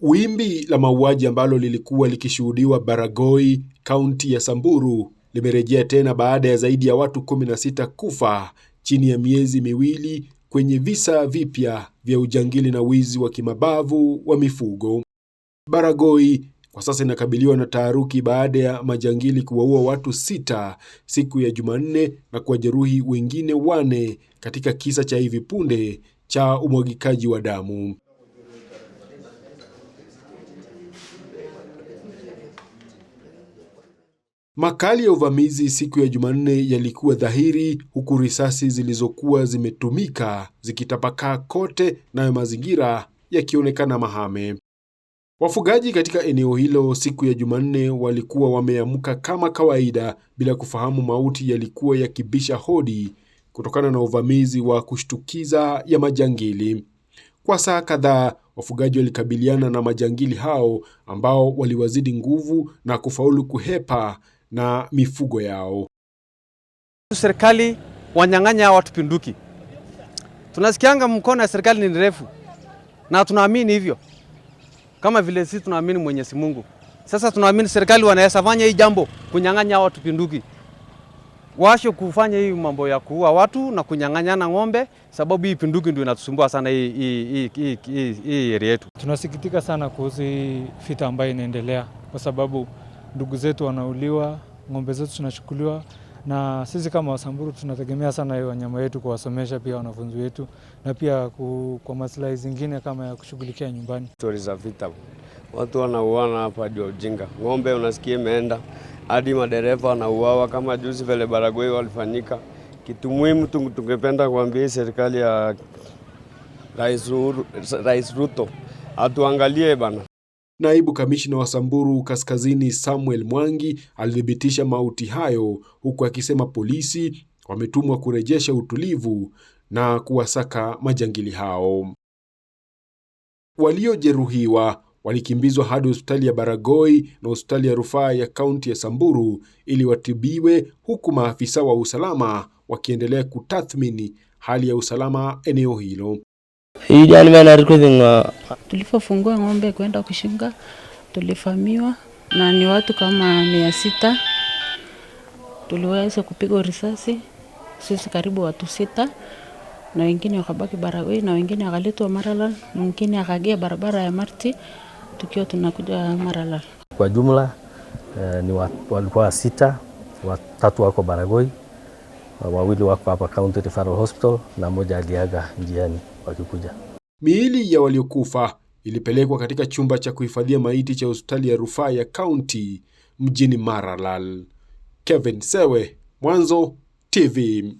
Wimbi la mauaji ambalo lilikuwa likishuhudiwa Baragoi, kaunti ya Samburu, limerejea tena baada ya zaidi ya watu 16 kufa chini ya miezi miwili kwenye visa vipya vya ujangili na wizi wa kimabavu wa mifugo. Baragoi kwa sasa inakabiliwa na taharuki baada ya majangili kuwaua watu sita siku ya Jumanne na kuwajeruhi wengine wane katika kisa cha hivi punde cha umwagikaji wa damu. Makali ya uvamizi siku ya Jumanne yalikuwa dhahiri huku risasi zilizokuwa zimetumika zikitapakaa kote nayo mazingira yakionekana mahame. Wafugaji katika eneo hilo siku ya Jumanne walikuwa wameamka kama kawaida bila kufahamu mauti yalikuwa yakibisha hodi kutokana na uvamizi wa kushtukiza ya majangili. Kwa saa kadhaa, wafugaji walikabiliana na majangili hao ambao waliwazidi nguvu na kufaulu kuhepa na mifugo yao. Serikali wanyang'anya watu pinduki. Tunasikianga mkono ya serikali ni ndefu na tunaamini hivyo kama vile sisi tunaamini Mwenyezi Mungu. Sasa tunaamini serikali wanaweza fanya hii jambo, kunyang'anya watu pinduki, waashe kufanya hii mambo ya kuua watu na kunyang'anyana ng'ombe, sababu hii pinduki ndio inatusumbua sana hii, hii, hii, hii, hii area yetu. Tunasikitika sana kuhusu hii vita ambayo inaendelea, kwa sababu ndugu zetu wanauliwa, ng'ombe zetu zinachukuliwa na sisi kama Wasamburu tunategemea sana wanyama wetu kuwasomesha pia wanafunzi wetu na pia ku, kwa maslahi zingine kama ya kushughulikia nyumbani. Stori za vita, watu wanauana hapa juu ya ujinga. Ng'ombe unasikia imeenda hadi madereva wanauawa, kama juzi vile Baragoi walifanyika. Kitu muhimu tungependa kuambia serikali ya Rais Ruto atuangalie bana. Naibu kamishna wa Samburu Kaskazini Samuel Mwangi alithibitisha mauti hayo huku akisema polisi wametumwa kurejesha utulivu na kuwasaka majangili hao. Waliojeruhiwa walikimbizwa hadi hospitali ya Baragoi na hospitali ya rufaa ya kaunti ya Samburu ili watibiwe huku maafisa wa usalama wakiendelea kutathmini hali ya usalama eneo hilo. Ijani Tulipofungua ng'ombe kwenda kushinga, tulifamiwa na ni watu kama mia sita. Tuliweza kupigwa risasi sisi karibu watu sita, na wengine wakabaki Barawe, na wengine wakaletwa Marala, na wengine akagia barabara ya Marti tukiwa tunakuja Marala. Kwa jumla eh, ni walikuwa sita, watatu wako Baragoi Uh, wawili wako hapa County Referral Hospital na mmoja aliaga njiani wakikuja. Miili ya waliokufa ilipelekwa katika chumba cha kuhifadhia maiti cha hospitali ya rufaa ya kaunti mjini Maralal. Kevin Sewe, Mwanzo TV.